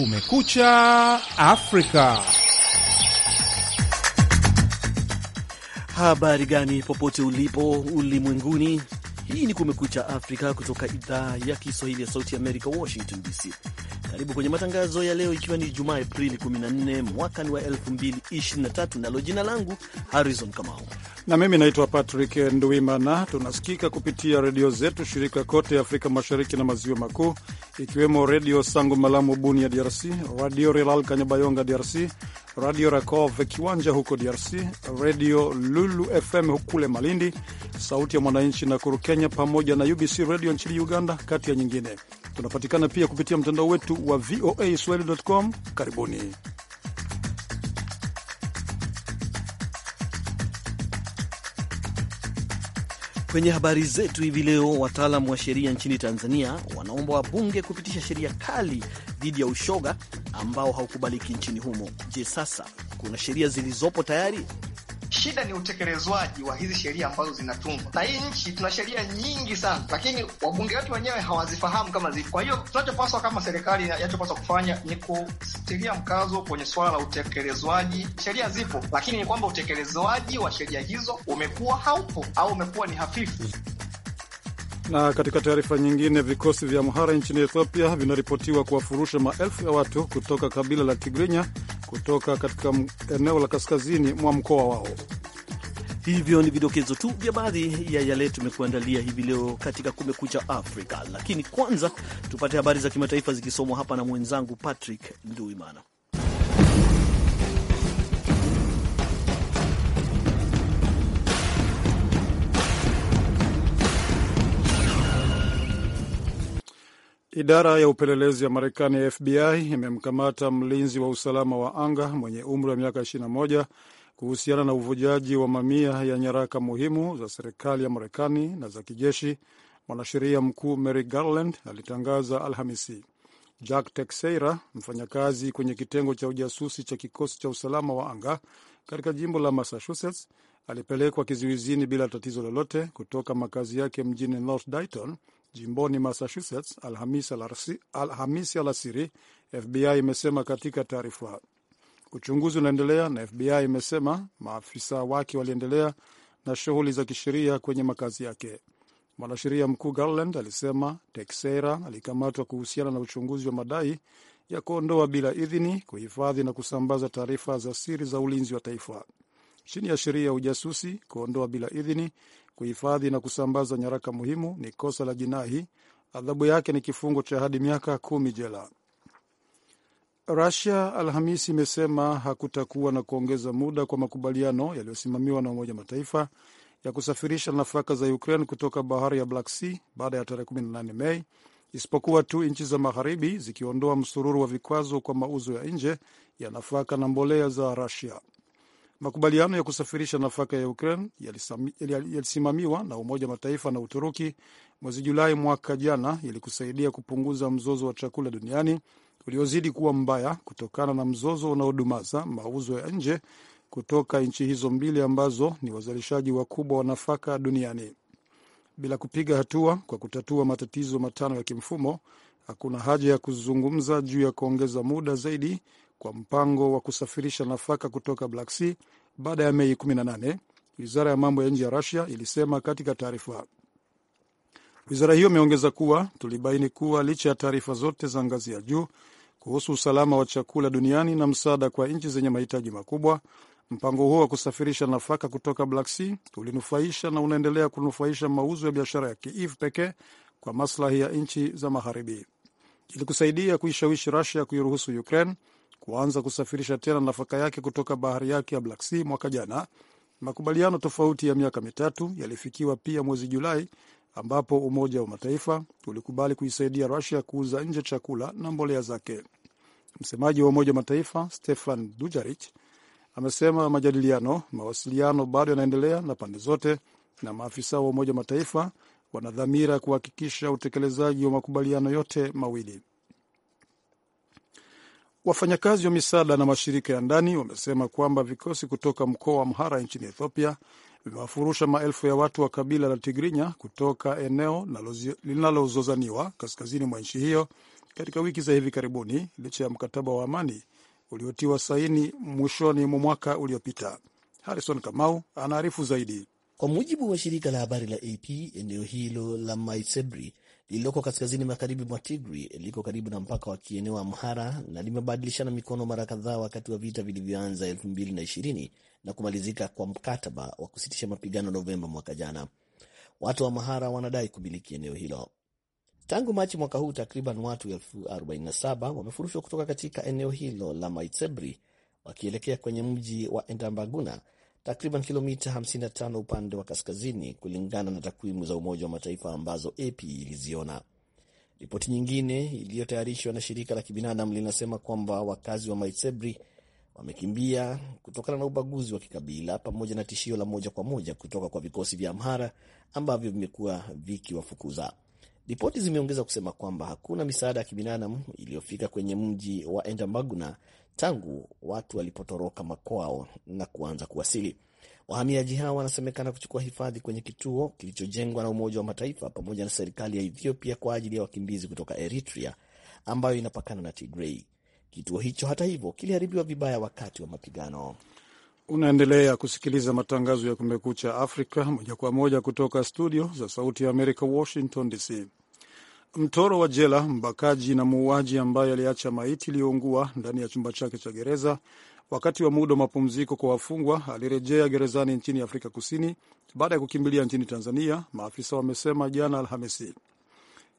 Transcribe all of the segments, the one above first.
Kumekucha Afrika. Habari gani popote ulipo ulimwenguni. Hii ni Kumekucha Afrika kutoka idhaa ya Kiswahili ya Sauti ya Amerika, Washington DC. Karibu kwenye matangazo ya leo, ikiwa ni Jumaa Aprili 14 mwaka ni wa 2023, nalo jina langu Harrison Kamau na mimi naitwa Patrick Nduimana. Tunasikika kupitia redio zetu shirika kote Afrika Mashariki na Maziwa Makuu, ikiwemo Redio Sango Malamu Bunia DRC, Radio Relal Kanyabayonga DRC, Radio Rakov Kiwanja huko DRC, Redio Lulu FM kule Malindi, Sauti ya Mwananchi na Kuru Kenya, pamoja na UBC Redio nchini Uganda, kati ya nyingine. Tunapatikana pia kupitia mtandao wetu wa VOA Swahili.com. Karibuni. Kwenye habari zetu hivi leo, wataalam wa sheria nchini Tanzania wanaomba wabunge kupitisha sheria kali dhidi ya ushoga ambao haukubaliki nchini humo. Je, sasa kuna sheria zilizopo tayari Shida ni utekelezwaji wa hizi sheria ambazo zinatungwa na hii nchi. Tuna sheria nyingi sana, lakini wabunge wetu wenyewe hawazifahamu kama zipo. Kwa hiyo tunachopaswa kama serikali, inachopaswa kufanya ni kutilia mkazo kwenye suala la utekelezwaji. Sheria zipo, lakini ni kwamba utekelezwaji wa sheria hizo umekuwa haupo au umekuwa ni hafifu. Na katika taarifa nyingine, vikosi vya Amhara nchini Ethiopia vinaripotiwa kuwafurusha maelfu ya watu kutoka kabila la Tigrinya kutoka katika eneo la kaskazini mwa mkoa wao. Hivyo ni vidokezo tu vya baadhi ya yale tumekuandalia hivi leo katika Kumekucha Afrika, lakini kwanza tupate habari za kimataifa zikisomwa hapa na mwenzangu Patrick Nduimana. Idara ya upelelezi ya Marekani ya FBI imemkamata mlinzi wa usalama wa anga mwenye umri wa miaka 21 kuhusiana na uvujaji wa mamia ya nyaraka muhimu za serikali ya Marekani na za kijeshi. Mwanasheria mkuu Mary Garland alitangaza Alhamisi. Jack Teixeira, mfanyakazi kwenye kitengo cha ujasusi cha kikosi cha usalama wa anga katika jimbo la Massachusetts, alipelekwa kizuizini bila tatizo lolote kutoka makazi yake mjini North Dayton jimboni Massachusetts Alhamisi alasiri, FBI imesema katika taarifa. Uchunguzi unaendelea na FBI imesema maafisa wake waliendelea na shughuli za kisheria kwenye makazi yake. Mwanasheria mkuu Garland alisema Teixeira alikamatwa kuhusiana na uchunguzi wa madai ya kuondoa bila idhini, kuhifadhi na kusambaza taarifa za siri za ulinzi wa taifa chini ya sheria ya ujasusi. Kuondoa bila idhini kuhifadhi na kusambaza nyaraka muhimu ni kosa la jinai. Adhabu yake ni kifungo cha hadi miaka kumi jela. Rusia Alhamisi imesema hakutakuwa na kuongeza muda kwa makubaliano yaliyosimamiwa na Umoja Mataifa ya kusafirisha nafaka za Ukraine kutoka bahari ya Black Sea baada ya tarehe 18 Mei, isipokuwa tu nchi za magharibi zikiondoa msururu wa vikwazo kwa mauzo ya nje ya nafaka na mbolea za Rusia. Makubaliano ya kusafirisha nafaka ya Ukraine yalisimamiwa na Umoja wa Mataifa na Uturuki mwezi Julai mwaka jana ili kusaidia kupunguza mzozo wa chakula duniani uliozidi kuwa mbaya kutokana na mzozo unaodumaza mauzo ya nje kutoka nchi hizo mbili ambazo ni wazalishaji wakubwa wa nafaka duniani. Bila kupiga hatua kwa kutatua matatizo matano ya kimfumo, hakuna haja ya kuzungumza juu ya kuongeza muda zaidi kwa mpango wa kusafirisha nafaka kutoka Black Sea baada ya Mei 18, wizara ya mambo ya nje ya Rusia ilisema katika taarifa. Wizara hiyo imeongeza kuwa tulibaini kuwa licha ya taarifa zote za ngazi ya juu kuhusu usalama wa chakula duniani na msaada kwa nchi zenye mahitaji makubwa, mpango huo wa kusafirisha nafaka kutoka Black Sea ulinufaisha na unaendelea kunufaisha mauzo ya biashara ya Kiev pekee kwa maslahi ya nchi za Magharibi. Ili kusaidia kuishawishi Rusia kuiruhusu Ukraine kuanza kusafirisha tena nafaka yake kutoka bahari yake ya Black Sea mwaka jana. Makubaliano tofauti ya miaka mitatu yalifikiwa pia mwezi Julai, ambapo Umoja wa Mataifa ulikubali kuisaidia Rusia kuuza nje chakula na mbolea zake. Msemaji wa Umoja wa Mataifa Stefan Dujarric amesema majadiliano, mawasiliano bado yanaendelea na pande zote, na maafisa wa Umoja wa Mataifa wanadhamira kuhakikisha utekelezaji wa makubaliano yote mawili. Wafanyakazi wa misaada na mashirika ya ndani wamesema kwamba vikosi kutoka mkoa wa Amhara nchini Ethiopia vimewafurusha maelfu ya watu wa kabila la Tigrinya kutoka eneo linalozozaniwa kaskazini mwa nchi hiyo katika wiki za hivi karibuni, licha ya mkataba wa amani uliotiwa saini mwishoni mwa mwaka uliopita. Harrison Kamau anaarifu zaidi. Kwa mujibu wa shirika la habari la AP, eneo hilo la Maisebri lililoko kaskazini magharibi mwa Tigri liko karibu na mpaka wa kieneo wa Amhara na limebadilishana mikono mara kadhaa wakati wa vita vilivyoanza 2020 na kumalizika kwa mkataba wa kusitisha mapigano Novemba mwaka jana. Watu wa Amhara wanadai kumiliki eneo hilo. Tangu Machi mwaka huu, takriban watu 47 wamefurushwa kutoka katika eneo hilo la Maitsebri wakielekea kwenye mji wa Endambaguna takriban kilomita 55 upande wa kaskazini, kulingana na takwimu za Umoja wa Mataifa ambazo AP iliziona. Ripoti nyingine iliyotayarishwa na shirika la kibinadamu linasema kwamba wakazi wa Maitsebri wamekimbia kutokana na ubaguzi wa kikabila pamoja na tishio la moja kwa moja kutoka kwa vikosi vya Amhara ambavyo vimekuwa vikiwafukuza. Ripoti zimeongeza kusema kwamba hakuna misaada ya kibinadamu iliyofika kwenye mji wa Endambaguna tangu watu walipotoroka makwao na kuanza kuwasili. Wahamiaji hao wanasemekana kuchukua hifadhi kwenye kituo kilichojengwa na Umoja wa Mataifa pamoja na serikali ya Ethiopia kwa ajili ya wakimbizi kutoka Eritrea ambayo inapakana na Tigrei. Kituo hicho hata hivyo kiliharibiwa vibaya wakati wa mapigano. Unaendelea kusikiliza matangazo ya Kumekucha Afrika moja kwa moja kutoka studio za Sauti ya Amerika, Washington DC. Mtoro wa jela, mbakaji na muuaji ambaye aliacha maiti iliyoungua ndani ya chumba chake cha gereza wakati wa muda wa mapumziko kwa wafungwa, alirejea gerezani nchini Afrika Kusini baada ya kukimbilia nchini Tanzania, maafisa wamesema jana Alhamisi.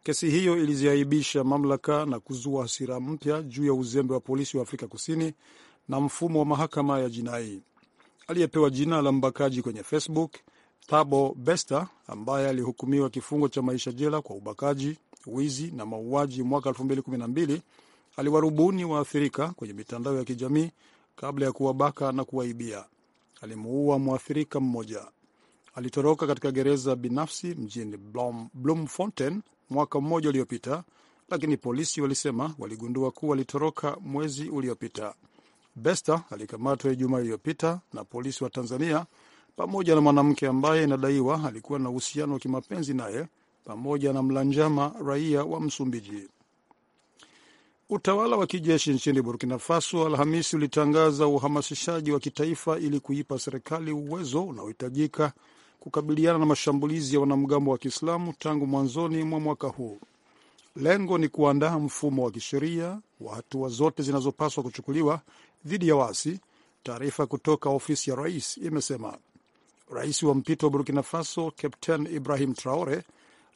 Kesi hiyo iliziaibisha mamlaka na kuzua hasira mpya juu ya uzembe wa polisi wa Afrika Kusini na mfumo wa mahakama ya jinai. Aliyepewa jina la mbakaji kwenye Facebook, Thabo Bester, ambaye alihukumiwa kifungo cha maisha jela kwa ubakaji wizi na mauaji mwaka 2012 aliwarubuni waathirika kwenye mitandao ya kijamii kabla ya kuwabaka na kuwaibia. Alimuua mwathirika mmoja. Alitoroka katika gereza binafsi mjini Blom, Bloemfontein mwaka mmoja uliopita, lakini polisi walisema waligundua kuwa alitoroka mwezi uliopita. beste alikamatwa Ijumaa iliyopita na polisi wa Tanzania pamoja na mwanamke ambaye inadaiwa alikuwa na uhusiano wa kimapenzi naye pamoja na Mlanjama, raia wa Msumbiji. Utawala wa kijeshi nchini Burkina Faso Alhamisi ulitangaza uhamasishaji wa kitaifa ili kuipa serikali uwezo unaohitajika kukabiliana na mashambulizi ya wanamgambo wa Kiislamu tangu mwanzoni mwa mwaka huu. Lengo ni kuandaa mfumo wa kisheria wa hatua zote zinazopaswa kuchukuliwa dhidi ya waasi, taarifa kutoka ofisi ya rais imesema. Rais wa mpito wa Burkina Faso Captain Ibrahim Traore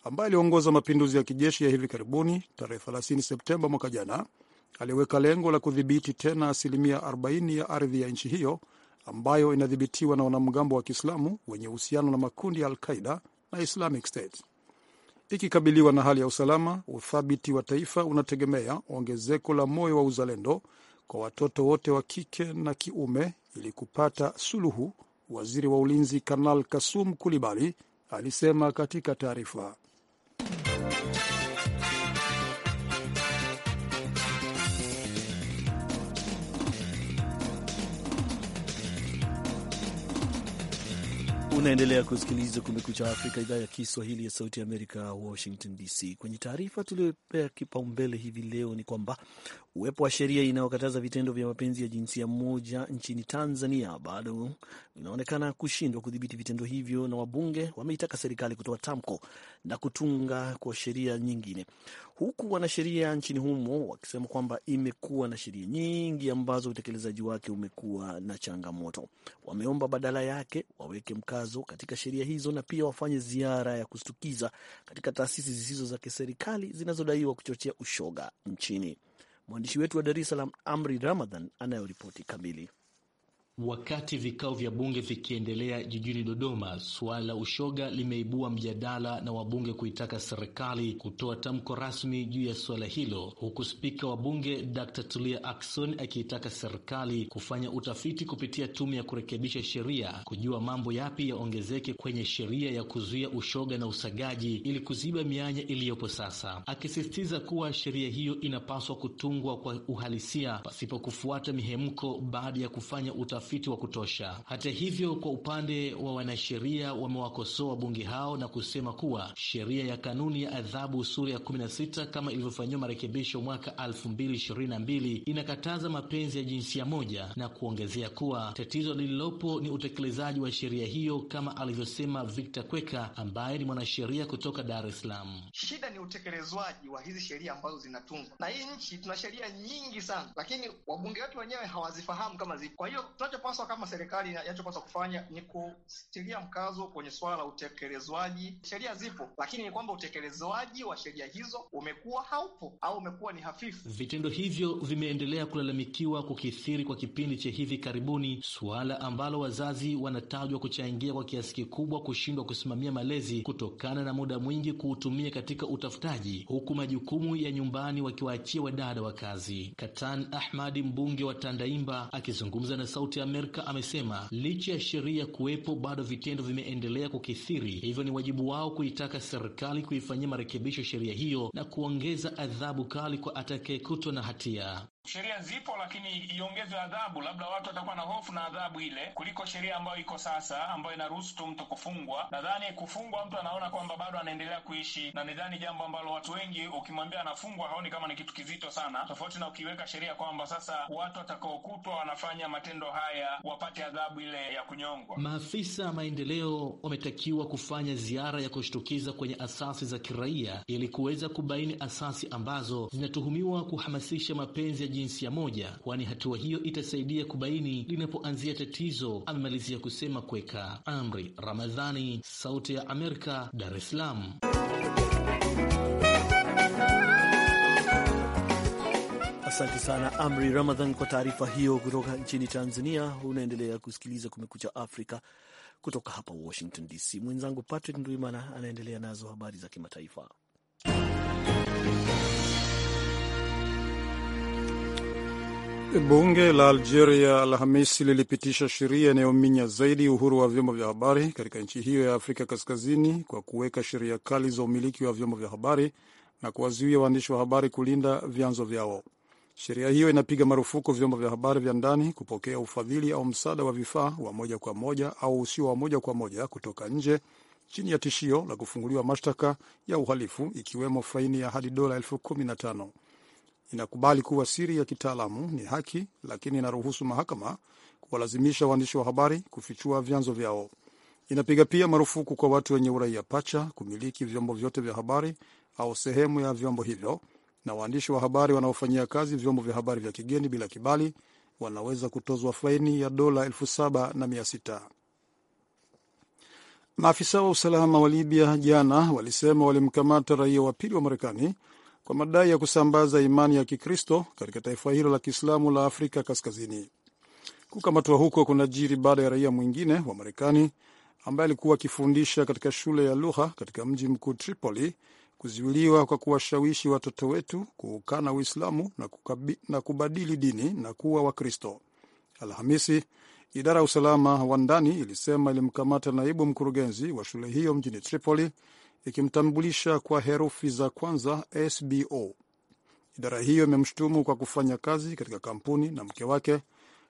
ambaye aliongoza mapinduzi ya kijeshi ya hivi karibuni tarehe 30 Septemba mwaka jana, aliweka lengo la kudhibiti tena asilimia 40 ya ardhi ya nchi hiyo ambayo inadhibitiwa na wanamgambo wa Kiislamu wenye uhusiano na makundi ya alqaida na Islamic State. Ikikabiliwa na hali ya usalama, uthabiti wa taifa unategemea ongezeko la moyo wa uzalendo kwa watoto wote wa kike na kiume ili kupata suluhu, waziri wa ulinzi Kanal Kasum Kulibali alisema katika taarifa. Thank you. Unaendelea kusikiliza Kumekucha Afrika, idhaa ya Kiswahili ya Sauti Amerika, Washington DC. Kwenye taarifa tuliyopea kipaumbele hivi leo ni kwamba uwepo wa sheria inayokataza vitendo vya mapenzi ya jinsia moja nchini Tanzania bado inaonekana kushindwa kudhibiti vitendo hivyo, na wabunge wameitaka serikali kutoa tamko na kutunga kwa sheria nyingine huku wanasheria nchini humo wakisema kwamba imekuwa na sheria nyingi ambazo utekelezaji wake umekuwa na changamoto. Wameomba badala yake waweke mkazo katika sheria hizo na pia wafanye ziara ya kushtukiza katika taasisi zisizo za kiserikali zinazodaiwa kuchochea ushoga nchini. Mwandishi wetu wa Dar es Salaam, Amri Ramadhan, anayoripoti kamili. Wakati vikao vya bunge vikiendelea jijini Dodoma, suala la ushoga limeibua mjadala na wabunge kuitaka serikali kutoa tamko rasmi juu ya suala hilo, huku spika wa bunge Dr. Tulia Ackson akiitaka serikali kufanya utafiti kupitia tume ya kurekebisha sheria kujua mambo yapi yaongezeke kwenye sheria ya kuzuia ushoga na usagaji ili kuziba mianya iliyopo sasa, akisisitiza kuwa sheria hiyo inapaswa kutungwa kwa uhalisia pasipo kufuata mihemko baada ya kufanya utafiti utafiti wa kutosha. Hata hivyo, kwa upande wa wanasheria wamewakosoa bunge hao na kusema kuwa sheria ya kanuni ya adhabu sura ya 16 kama ilivyofanyiwa marekebisho mwaka 2022 inakataza mapenzi ya jinsia moja na kuongezea kuwa tatizo lililopo ni utekelezaji wa sheria hiyo, kama alivyosema Victor Kweka ambaye ni mwanasheria kutoka Dar es Salaam. Shida ni utekelezwaji wa hizi sheria ambazo zinatungwa na hii nchi. Tuna sheria nyingi sana, lakini wabunge wetu wenyewe hawazifahamu kama zipo. Kwa hiyo Kinachopaswa kama serikali inachopaswa kufanya ni kutilia mkazo kwenye swala la utekelezwaji. Sheria zipo, lakini ni kwamba utekelezwaji wa sheria hizo umekuwa haupo au umekuwa ni hafifu. Vitendo hivyo vimeendelea kulalamikiwa kukithiri kwa kipindi cha hivi karibuni, suala ambalo wazazi wanatajwa kuchangia kwa kiasi kikubwa kushindwa kusimamia malezi kutokana na muda mwingi kuutumia katika utafutaji, huku majukumu ya nyumbani wakiwaachia wadada wa kazi. Katan Ahmadi, mbunge wa Tandaimba, akizungumza na Sauti Amerika amesema licha ya sheria kuwepo bado vitendo vimeendelea kukithiri, hivyo ni wajibu wao kuitaka serikali kuifanyia marekebisho sheria hiyo na kuongeza adhabu kali kwa atakayekutwa na hatia. Sheria zipo lakini iongezwe adhabu, labda watu watakuwa na hofu na adhabu ile kuliko sheria ambayo iko sasa, ambayo inaruhusu tu mtu kufungwa. Nadhani kufungwa, mtu anaona kwamba bado anaendelea kuishi, na nidhani jambo ambalo watu wengi ukimwambia anafungwa haoni kama ni kitu kizito sana, tofauti na ukiweka sheria kwamba sasa watu watakaokutwa wanafanya matendo haya wapate adhabu ile ya kunyongwa. Maafisa maendeleo wametakiwa kufanya ziara ya kushtukiza kwenye asasi za kiraia ili kuweza kubaini asasi ambazo zinatuhumiwa kuhamasisha mapenzi ya jinsia moja, kwani hatua hiyo itasaidia kubaini linapoanzia tatizo. Amemalizia kusema kuweka amri. Ramadhani, Sauti ya Amerika, Dar es Salaam. Asante sana Amri Ramadhan kwa taarifa hiyo kutoka nchini Tanzania. Unaendelea kusikiliza Kumekucha Afrika kutoka hapa Washington DC. Mwenzangu Patrick Ndwimana anaendelea nazo habari za kimataifa. Bunge la Algeria Alhamisi lilipitisha sheria inayominya zaidi uhuru wa vyombo vya habari katika nchi hiyo ya Afrika Kaskazini kwa kuweka sheria kali za umiliki wa vyombo vya habari na kuwazuia waandishi wa habari kulinda vyanzo vyao. Sheria hiyo inapiga marufuku vyombo vya habari vya ndani kupokea ufadhili au msaada wa vifaa wa moja kwa moja au usio wa moja kwa moja kutoka nje chini ya tishio la kufunguliwa mashtaka ya uhalifu ikiwemo faini ya hadi dola elfu kumi na tano inakubali kuwa siri ya kitaalamu ni haki, lakini inaruhusu mahakama kuwalazimisha waandishi wa habari kufichua vyanzo vyao. Inapiga pia marufuku kwa watu wenye uraia pacha kumiliki vyombo vyote vya habari au sehemu ya vyombo hivyo, na waandishi wa habari wanaofanyia kazi vyombo vya habari vya kigeni bila kibali wanaweza kutozwa faini ya dola elfu saba na mia sita. Maafisa wa usalama wa Libya jana walisema walimkamata raia wa pili wa Marekani kwa madai ya kusambaza imani ya Kikristo katika taifa hilo la Kiislamu la Afrika Kaskazini. Kukamatwa huko kunajiri baada ya raia mwingine wa Marekani ambaye alikuwa akifundisha katika shule ya lugha katika mji mkuu Tripoli kuzuiliwa kwa kuwashawishi watoto wetu kuukana Uislamu na, na kubadili dini na kuwa Wakristo. Alhamisi, idara ya usalama wa ndani ilisema ilimkamata naibu mkurugenzi wa shule hiyo mjini Tripoli ikimtambulisha kwa herufi za kwanza SBO. Idara hiyo imemshutumu kwa kufanya kazi katika kampuni na mke wake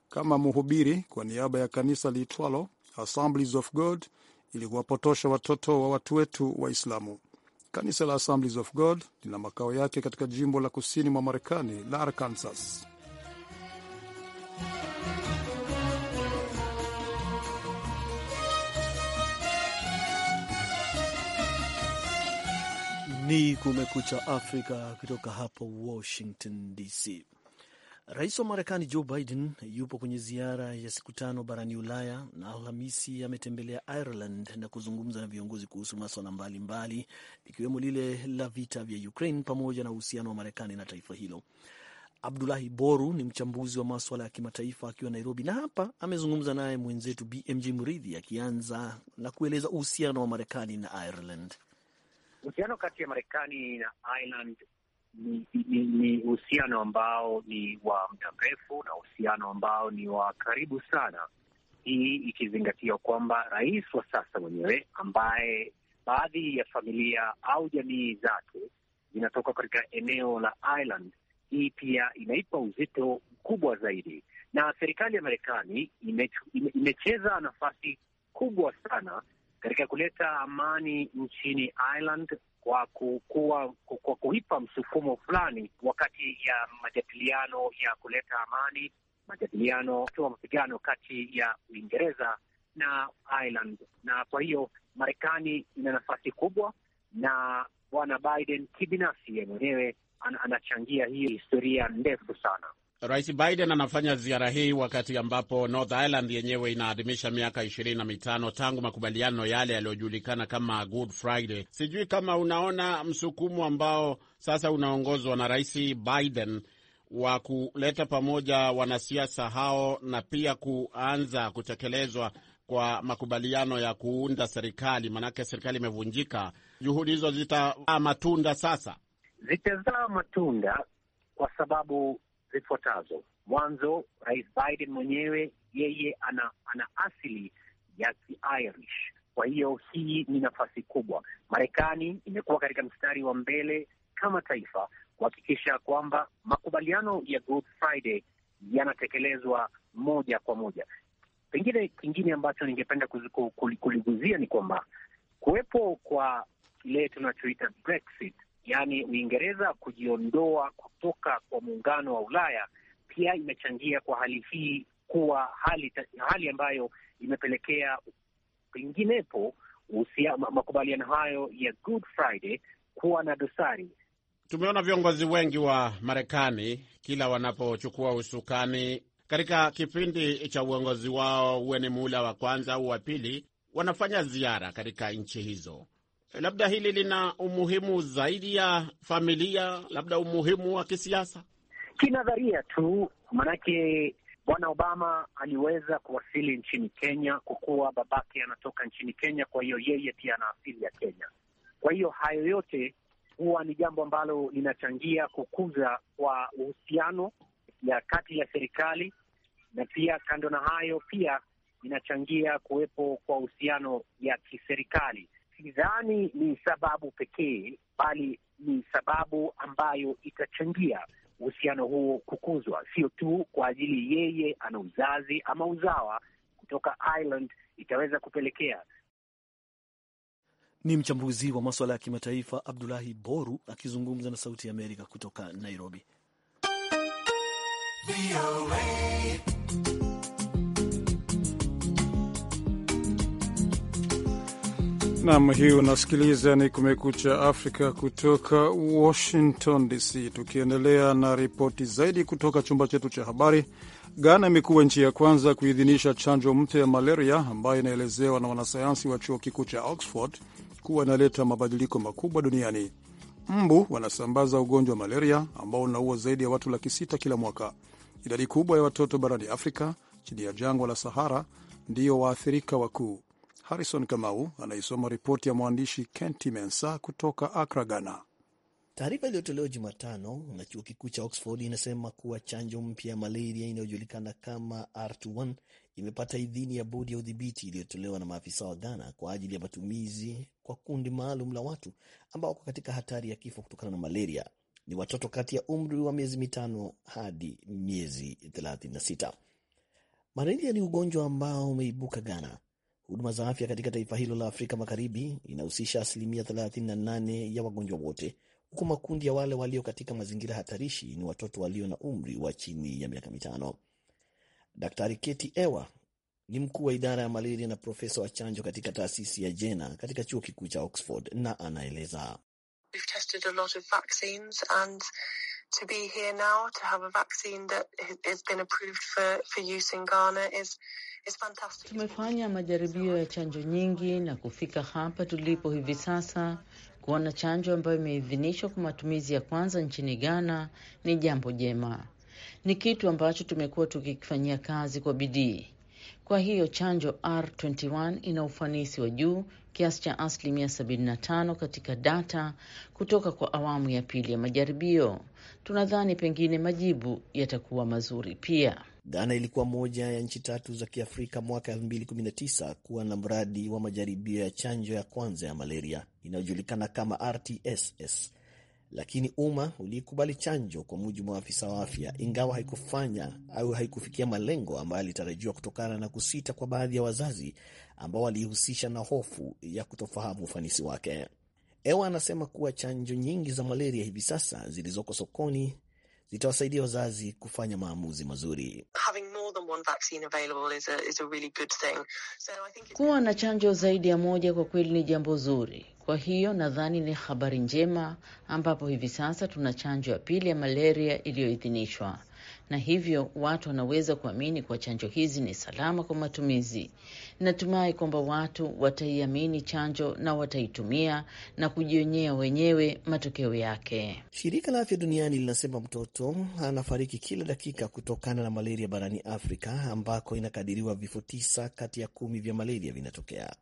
kama mhubiri kwa niaba ya kanisa liitwalo Assemblies of God ili kuwapotosha watoto wa watu wetu Waislamu. Kanisa la Assemblies of God lina makao yake katika jimbo la kusini mwa Marekani la Arkansas. Ni Kumekucha Afrika kutoka hapa Washington DC. Rais wa Marekani Joe Biden yupo kwenye ziara ya siku tano barani Ulaya na Alhamisi ametembelea Ireland na kuzungumza na viongozi kuhusu maswala mbalimbali ikiwemo lile la vita vya Ukraine pamoja na uhusiano wa Marekani na taifa hilo. Abdulahi Boru ni mchambuzi wa maswala ya kimataifa akiwa Nairobi, na hapa amezungumza naye mwenzetu BMJ Muridhi akianza na kueleza uhusiano wa Marekani na Ireland. Uhusiano kati ya Marekani na Ireland ni uhusiano ambao ni wa muda mrefu na uhusiano ambao ni wa karibu sana, hii ikizingatia kwamba rais wa sasa mwenyewe ambaye baadhi ya familia au jamii zake zinatoka katika eneo la Ireland, hii pia inaipa uzito mkubwa zaidi, na serikali ya Marekani imecheza nafasi kubwa sana katika kuleta amani nchini Ireland kwa kukua, kwa kuipa msukumo fulani wakati ya majadiliano ya kuleta amani, majadiliano wa mapigano kati ya Uingereza na Ireland. Na kwa hiyo Marekani ina nafasi kubwa, na bwana Biden kibinafsi ye mwenyewe anachangia hii historia ndefu sana. Rais Biden anafanya ziara hii wakati ambapo North Ireland yenyewe inaadhimisha miaka ishirini na mitano tangu makubaliano yale yaliyojulikana kama Good Friday. Sijui kama unaona msukumo ambao sasa unaongozwa na Rais Biden wa kuleta pamoja wanasiasa hao na pia kuanza kutekelezwa kwa makubaliano ya kuunda serikali, maanake serikali imevunjika. Juhudi hizo zitazaa matunda sasa, zitazaa matunda kwa sababu zifuatazo. Mwanzo, Rais Biden mwenyewe yeye ana, ana asili ya Kiirish. Kwa hiyo hii ni nafasi kubwa. Marekani imekuwa katika mstari wa mbele kama taifa kuhakikisha kwamba makubaliano ya Good Friday yanatekelezwa moja kwa moja. Pengine kingine ambacho ningependa kuliguzia ni kwamba kuwepo kwa kile tunachoita Brexit yaani Uingereza kujiondoa kutoka kwa muungano wa Ulaya pia imechangia kwa hali hii kuwa hali, hali ambayo imepelekea penginepo makubaliano hayo ya Good Friday kuwa na dosari. Tumeona viongozi wengi wa Marekani kila wanapochukua usukani katika kipindi cha uongozi wao, huwe ni muhula wa kwanza au wa pili, wanafanya ziara katika nchi hizo labda hili lina umuhimu zaidi ya familia, labda umuhimu wa kisiasa kinadharia tu, maanake Bwana Obama aliweza kuwasili nchini Kenya kwa kuwa babake anatoka nchini Kenya, kwa hiyo yeye pia ana asili ya Kenya. Kwa hiyo hayo yote huwa ni jambo ambalo linachangia kukuza kwa uhusiano ya kati ya serikali, na pia kando na hayo, pia inachangia kuwepo kwa uhusiano ya kiserikali sidhani ni sababu pekee, bali ni sababu ambayo itachangia uhusiano huo kukuzwa, sio tu kwa ajili yeye ana uzazi ama uzawa kutoka Ireland itaweza kupelekea. Ni mchambuzi wa maswala ya kimataifa Abdulahi Boru akizungumza na Sauti ya Amerika kutoka Nairobi. Nam, hii unasikiliza ni Kumekucha Afrika kutoka Washington DC. Tukiendelea na ripoti zaidi kutoka chumba chetu cha habari, Ghana imekuwa nchi ya kwanza kuidhinisha chanjo mpya ya malaria ambayo inaelezewa na wanasayansi wa chuo kikuu cha Oxford kuwa inaleta mabadiliko makubwa duniani. Mbu wanasambaza ugonjwa wa malaria ambao unaua zaidi ya watu laki sita kila mwaka. Idadi kubwa ya watoto barani Afrika chini ya jangwa la Sahara ndiyo waathirika wakuu. Harrison Kamau anaisoma ripoti ya mwandishi Kenti Mensa kutoka Akra, Ghana. Taarifa iliyotolewa Jumatano na chuo kikuu cha Oxford inasema kuwa chanjo mpya ya malaria inayojulikana kama R21 imepata idhini ya bodi ya udhibiti iliyotolewa na maafisa wa Ghana kwa ajili ya matumizi kwa kundi maalum la watu ambao wako katika hatari ya kifo kutokana na malaria. Ni watoto kati ya umri wa miezi mitano hadi miezi 36. Malaria ni ugonjwa ambao umeibuka Ghana Huduma za afya katika taifa hilo la Afrika Magharibi inahusisha asilimia 38 ya wagonjwa wote, huku makundi ya wale walio katika mazingira hatarishi ni watoto walio na umri wa chini ya miaka mitano. Daktari Keti Ewa ni mkuu wa idara ya malaria na profesa wa chanjo katika taasisi ya Jena katika chuo kikuu cha Oxford, na anaeleza to be here now, to have a vaccine that has been approved for, for use in Ghana is, Tumefanya majaribio ya chanjo nyingi na kufika hapa tulipo hivi sasa, kuona chanjo ambayo imeidhinishwa kwa matumizi ya kwanza nchini Ghana ni jambo jema. Ni kitu ambacho tumekuwa tukikifanyia kazi kwa bidii. Kwa hiyo chanjo R21 ina ufanisi wa juu kiasi cha asilimia 75 katika data kutoka kwa awamu ya pili ya majaribio. Tunadhani pengine majibu yatakuwa mazuri pia. Ghana ilikuwa moja ya nchi tatu za Kiafrika mwaka 2019 kuwa na mradi wa majaribio ya chanjo ya kwanza ya malaria inayojulikana kama RTSS, lakini umma uliikubali chanjo, kwa mujibu wa afisa wa afya, ingawa haikufanya au haikufikia malengo ambayo alitarajiwa kutokana na kusita kwa baadhi ya wazazi ambao walihusisha na hofu ya kutofahamu ufanisi wake. Ewa anasema kuwa chanjo nyingi za malaria hivi sasa zilizoko sokoni zitawasaidia wazazi kufanya maamuzi mazuri. Kuwa na chanjo zaidi ya moja kwa kweli ni jambo zuri, kwa hiyo nadhani ni habari njema, ambapo hivi sasa tuna chanjo ya pili ya malaria iliyoidhinishwa na hivyo watu wanaweza kuamini kuwa chanjo hizi ni salama kwa matumizi. Natumai kwamba watu wataiamini chanjo na wataitumia na kujionyea wenyewe matokeo yake. Shirika la Afya Duniani linasema mtoto anafariki kila dakika kutokana na malaria barani Afrika, ambako inakadiriwa vifo tisa kati ya kumi vya malaria vinatokea.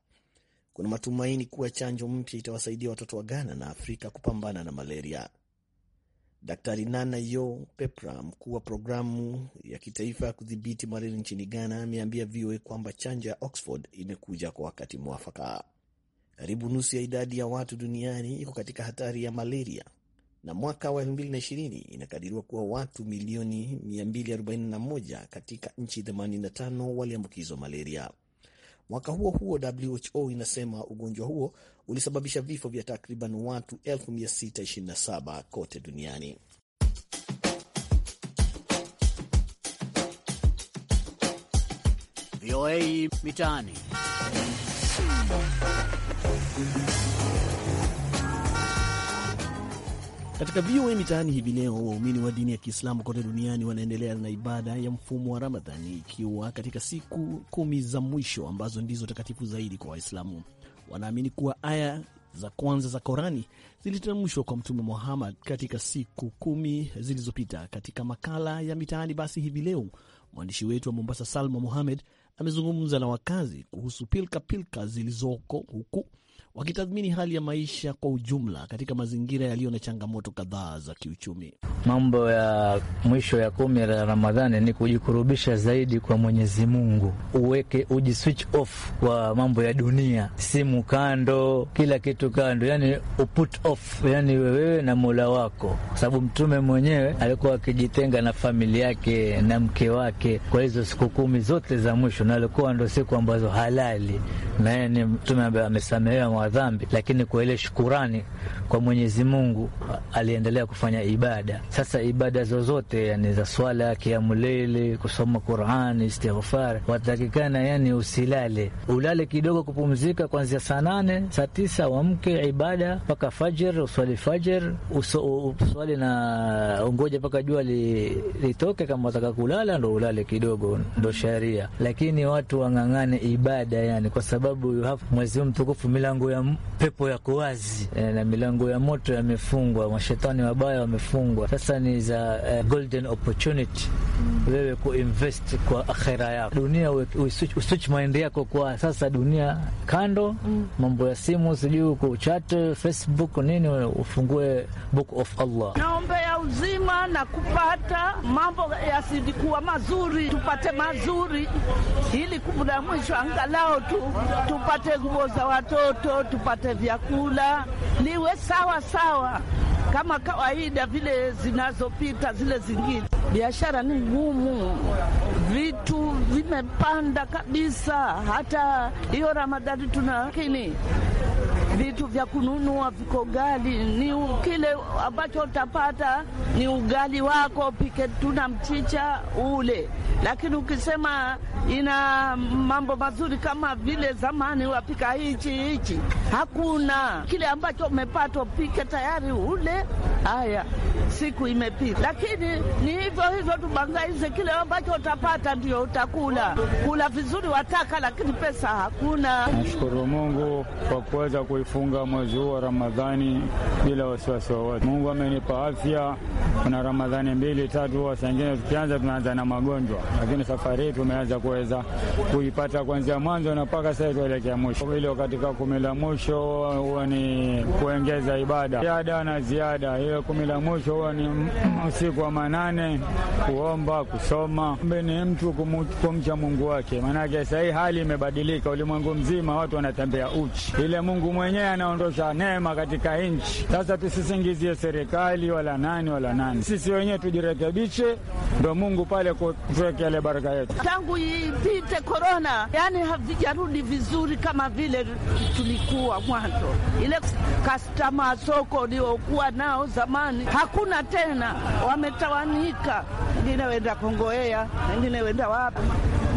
Kuna matumaini kuwa chanjo mpya itawasaidia watoto wa Ghana na Afrika kupambana na malaria. Daktari Nana Yo Pepra, mkuu wa programu ya kitaifa ya kudhibiti malaria nchini Ghana, ameambia VOA kwamba chanjo ya Oxford imekuja kwa wakati mwafaka. Karibu nusu ya idadi ya watu duniani iko katika hatari ya malaria na mwaka wa 2020 inakadiriwa kuwa watu milioni 241 katika nchi 85 waliambukizwa malaria. Mwaka huo huo WHO inasema ugonjwa huo ulisababisha vifo vya takriban watu 627 kote duniani. VOA Mitaani. Katika VOA Mitaani hivi leo, waumini wa dini ya Kiislamu kote duniani wanaendelea na ibada ya mfumo wa Ramadhani, ikiwa katika siku kumi za mwisho ambazo ndizo takatifu zaidi kwa Waislamu. Wanaamini kuwa aya za kwanza za Korani zilitamshwa kwa Mtume Muhammad katika siku kumi zilizopita. Katika makala ya Mitaani basi hivi leo mwandishi wetu wa Mombasa Salma muhammed amezungumza na wakazi kuhusu pilka pilka zilizoko huku wakitathmini hali ya maisha kwa ujumla katika mazingira yaliyo na changamoto kadhaa za kiuchumi. Mambo ya mwisho ya kumi ya Ramadhani ni kujikurubisha zaidi kwa Mwenyezi Mungu, uweke uji switch off kwa mambo ya dunia, simu kando, kila kitu kando, yani uput off, yani wewe na mola wako, kwa sababu Mtume mwenyewe alikuwa akijitenga na familia yake na mke wake kwa hizo siku kumi zote za mwisho, na alikuwa ndo siku ambazo halali, na yeye ni Mtume ambaye amesamehewa wa dhambi, lakini kwa ile shukurani kwa Mwenyezi Mungu aliendelea kufanya ibada. Sasa ibada zozote, yani za swala, kiamuleli, kusoma Qurani, istighfar, watakikana yani usilale, ulale kidogo kupumzika, kuanzia saa nane saa tisa wamke ibada mpaka fajr, uswali fajr, uswali na ungoja mpaka jua litoke. Kama wataka kulala ndo ulale kidogo, ndo sharia, lakini watu wang'ang'ane ibada yani, kwa sababu mwezi mtukufu milango ya pepo yako wazi e, na milango ya moto yamefungwa, mashetani wabaya wamefungwa. Sasa ni za uh, golden opportunity wewe kuinvest kwa akhera yako dunia, uswitch maende yako kwa sasa dunia kando, mm. mambo ya simu sijui kuchat Facebook nini, ufungue book of Allah. ya uzima na kupata mambo yasikuwa mazuri, tupate mazuri, ili kumuda mwisho angalau tu tupate nguo za watoto tupate vyakula liwe sawa sawa kama kawaida vile zinazopita zile zingine. Biashara ni ngumu, vitu vimepanda kabisa. Hata hiyo Ramadhani tuna lakini vitu vya kununua viko ghali, ni kile ambacho utapata ni ugali wako pike, tuna mchicha ule, lakini ukisema ina mambo mazuri kama vile zamani wapika hichi hichi, hakuna kile ambacho umepata pike tayari ule. Haya, siku imepita, lakini ni hivyo hivyo, tubangaize kile ambacho utapata ndio utakula. Kula vizuri wataka, lakini pesa hakuna. Nashukuru Mungu kwa kuweza kuifunga mwezi huu wa Ramadhani bila wasiwasi wowote. Mungu amenipa afya, kuna Ramadhani mbili tatu, saa ingine tukianza tunaanza na magonjwa, lakini safari hii tumeanza kuweza kuipata kuanzia mwanzo na mpaka sasa kuelekea mwisho. Hilo katika kumi la mwisho huwa ni kuongeza ibada ziada na ziada. Hiyo kumi la mwisho huwa ni usiku wa manane, kuomba, kusoma. ni mtu kumcha Mungu wake, maanake sahii hali imebadilika, ulimwengu mzima watu wanatembea uchi, ile Mungu mwenyewe anaondosha neema katika nchi. Sasa tusisingizie serikali wala nani wala nani, sisi wenyewe tujirekebishe, ndo Mungu pale kutuwekea ile baraka yetu tangu hii ipite korona, yani havijarudi vizuri kama vile tulikuwa mwanzo. Ile kastama soko uliokuwa nao zamani hakuna tena, wametawanika, wengine wenda Kongoea, wengine wenda wapi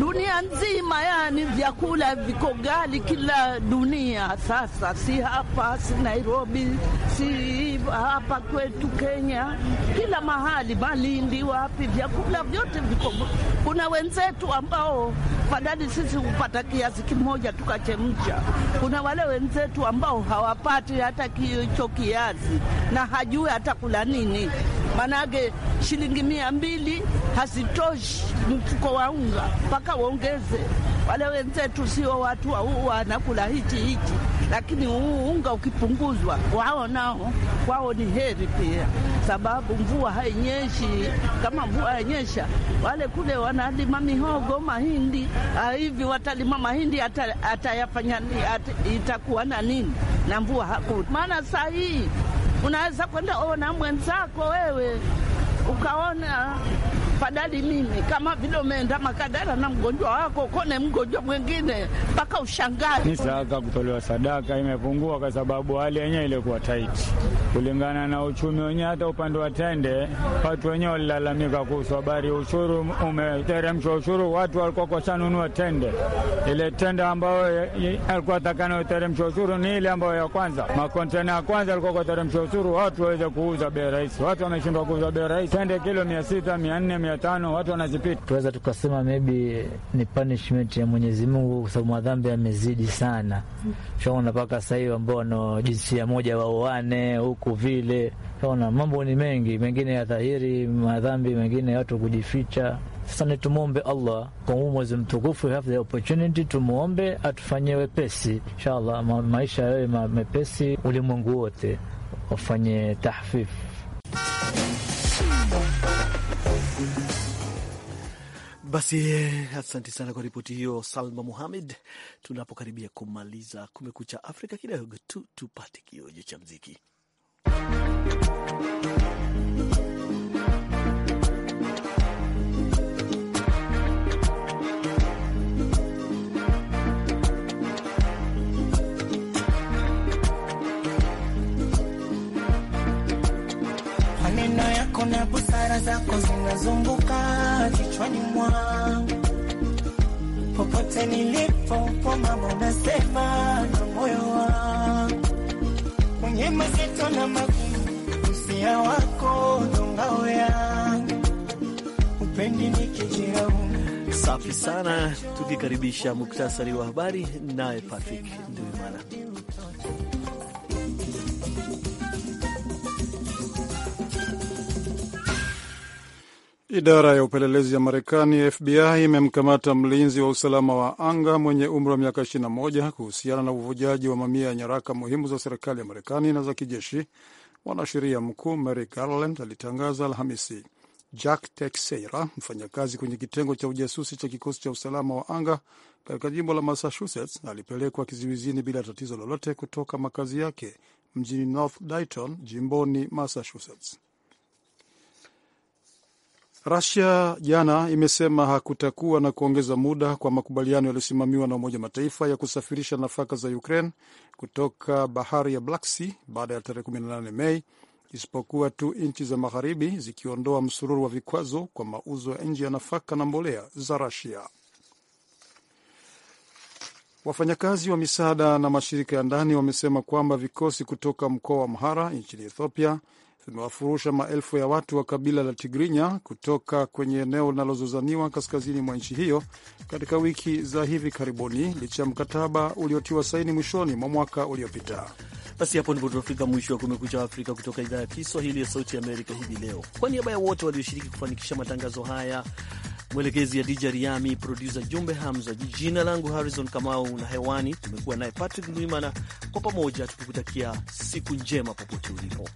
dunia nzima, yani vyakula viko ghali kila dunia. Sasa si hapa, si Nairobi, si hapa kwetu Kenya, kila mahali, Malindi, wapi, vyakula vyote viko. Kuna wenzetu ambao leo fadhali sisi hupata kiasi kimoja tukachemsha. Kuna wale wenzetu ambao hawapati hata kicho kiasi na hajui hata kula nini manage shilingi mia mbili hazitoshi mfuko wa unga, mpaka waongeze. Wale wenzetu sio watu wau wanakula hichi hichi, lakini huu unga ukipunguzwa, wao nao kwao ni heri pia, sababu mvua hainyeshi. Kama mvua hainyesha, wale kule wanalima mihogo, mahindi ah, hivi, watalima mahindi atayafanya ata, itakuwa na nini na mvua hakuna, maana saa hii unaweza kwenda ona mwenzako wewe ukaona fadhali mimi kama vile umeenda Makadara na mgonjwa wako kone mgonjwa mwingine mpaka ushangae. Ni sadaka kutolewa, sadaka imepungua kwa sababu hali yenyewe ilikuwa taiti kulingana na uchumi wenyewe. Hata upande wa tende watu wenyewe walilalamika kuhusu habari ushuru umeteremshwa, ushuru watu walikuwa kwashanunua tende. Ile tende ambayo alikuwa takana uteremshwa ushuru ni ile ambayo ya kwanza, makontena ya kwanza alikuwa kuteremshwa ushuru watu waweze kuuza bei rahisi. Watu wameshindwa kuuza bei rahisi, tende kilo mia sita mia nne mia tano watu wanazipita. Tunaweza tukasema maybe ni punishment ya Mwenyezi Mungu kwa sababu madhambi yamezidi sana. Tunaona mpaka sasa hivi ambao wana jinsia moja waoane huku vile. Tunaona mambo ni mengi, mengine ya dhahiri, madhambi mengine watu kujificha. Sasa ni tumwombe Allah kwa huu mwezi mtukufu, we have the opportunity, tumwombe atufanyie wepesi inshallah, ma maisha yawe ma mepesi, ulimwengu wote wafanye tahfifu. Basi eh, asante sana kwa ripoti hiyo, Salma Muhamed. Tunapokaribia kumaliza Kumekucha Afrika, kidogo tu tupate kiojo cha mziki fikra zako zinazunguka kichwani mwangu, popote nilipo pomamo nasema na moyo wangu, kwenye mazito na magumu, usia wako ndo ngao yangu, upendi nikijirauna. Safi sana, tukikaribisha muktasari wa habari naye Patrick Nduimana. Idara ya upelelezi ya Marekani, FBI, imemkamata mlinzi wa usalama wa anga mwenye umri wa miaka 21 kuhusiana na uvujaji wa mamia ya nyaraka muhimu za serikali ya Marekani na za kijeshi, mwanasheria mkuu Mary Garland alitangaza Alhamisi. Jack Teixeira, mfanyakazi kwenye kitengo cha ujasusi cha kikosi cha usalama wa anga katika jimbo la Massachusetts, alipelekwa kizuizini bila tatizo lolote kutoka makazi yake mjini North Dayton, jimboni Massachusetts rasia jana imesema hakutakuwa na kuongeza muda kwa makubaliano yaliyosimamiwa na Umoja Mataifa ya kusafirisha nafaka za Ukraine kutoka bahari ya Black Sea baada ya tarehe 18 Mei, isipokuwa tu nchi za magharibi zikiondoa msururu wa vikwazo kwa mauzo ya nje ya nafaka na mbolea za rasia Wafanyakazi wa misaada na mashirika ya ndani wamesema kwamba vikosi kutoka mkoa wa mhara nchini Ethiopia zimewafurusha maelfu ya watu wa kabila la Tigrinya kutoka kwenye eneo linalozozaniwa kaskazini mwa nchi hiyo katika wiki za hivi karibuni, licha ya mkataba uliotiwa saini mwishoni mwa mwaka uliopita. Basi hapo ndipo tunafika mwisho wa Kumekucha Afrika kutoka idhaa ya Kiswahili ya Sauti ya Amerika hivi leo. Kwa niaba ya wote walioshiriki kufanikisha matangazo haya, mwelekezi ya DJ Riami, produsa Jumbe Hamza, jijina langu Harrison Kamau na hewani tumekuwa naye Patrick Mwimana, kwa pamoja tukikutakia siku njema popote ulipo.